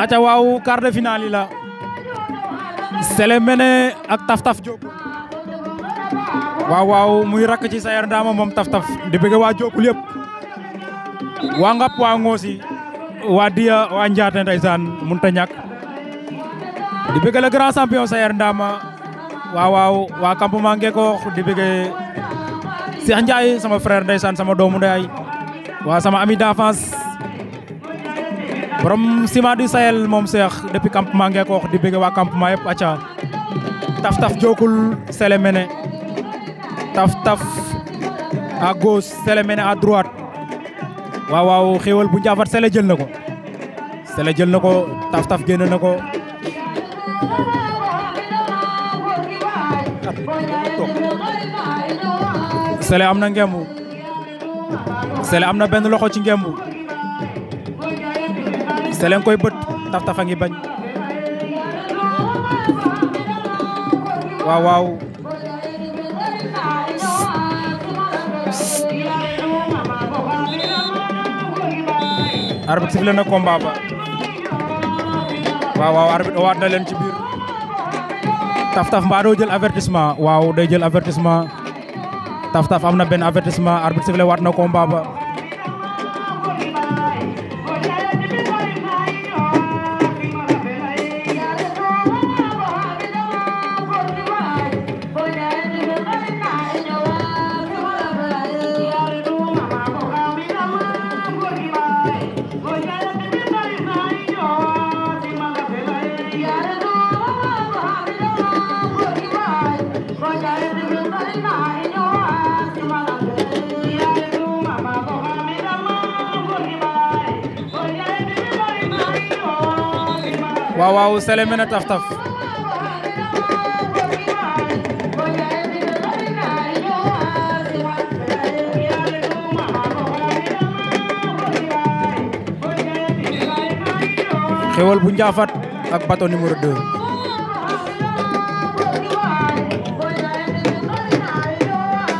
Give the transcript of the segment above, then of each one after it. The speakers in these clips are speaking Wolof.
aca wow quart de finale la Sélé Méné ak Taf Taf jop waaw waaw muy rak ci sayar Ndama mom Taf Taf di bëgg waa Diopul yëpp waa Ngap waa Ngoosi wa dia wa Njaate ndaysan mënut a di bëgg le grand champion sayar Ndama wa kampu mangé ko di bëgg si sama frère ndaysan sama doomu ndey wa sama ami d'enfance borom ciment du Sahel moom seex depuis campement ngee ko wax di bëgg waa campement yëpp acca taf taf jokul sele mene taf taf à gauche sele mene à droite waaw waaw xéewal bu njaafat sele jël na ko sele jël na ko taf taf génn na ko sele am na ngembu sele am na benn loxo ci ngembu Selen koy beut taf tafa ngi bañ waaw waaw arbitre sifflé na combat ba waaw waaw arbitre o waat na len ci bir taf taf mba do jël avertissement waaw day jël avertissement taf taf amna ben avertissement arbitre sifflé waat na combat ba waaw waaw sele mena taf taf xewal bu njaafat ak numéro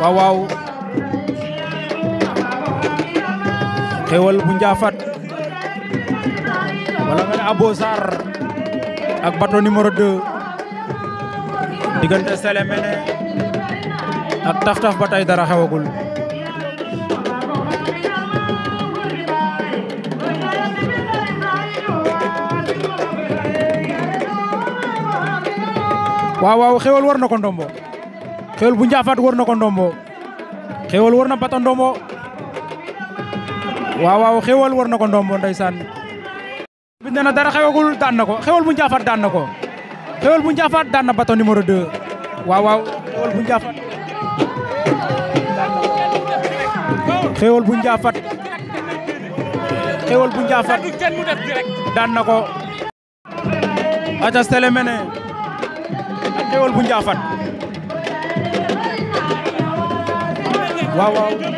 waaw waaw xewal bu njaafat wala nga ne Abo Sarr ak bateau numéro 2 diggante sele ak taf-taf ba dara xewagul waaw waaw war na ko ndombo xewal bu njaafaat war na ko ndombo xewal war na bata ndombo waaw waaw xewal war na ko ndombo ndeysaan bi nee na dara xewagul daan na ko xewal bu njaafaat daan na bu njaafaat daan na bato numéro 2 waaw waaw xewal bu njaafaat xewal bu njaafaat daan na ko aca sele mene bu njaafaat waaw waaw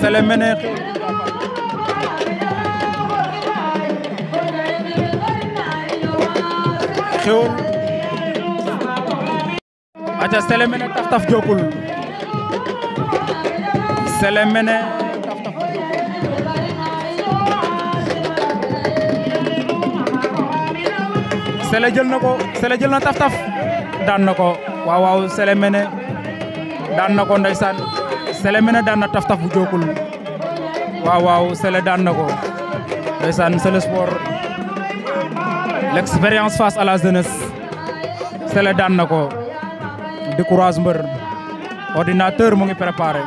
Sélé Méné xewul aca Sélé Méné tax taf jokul Sélé Méné Sele jël na ko Sele jël na taf-taf daan na ko waaw waaw Sele mene daan na ko ndeysaan Sele mene daan na taf-taf bu jokkul waaw waaw Sele daan na ko ndeysaan Sele sport l'expérience face à la jeunesse Sele daan na ko décourage mbër ordinateur mu ngi préparé.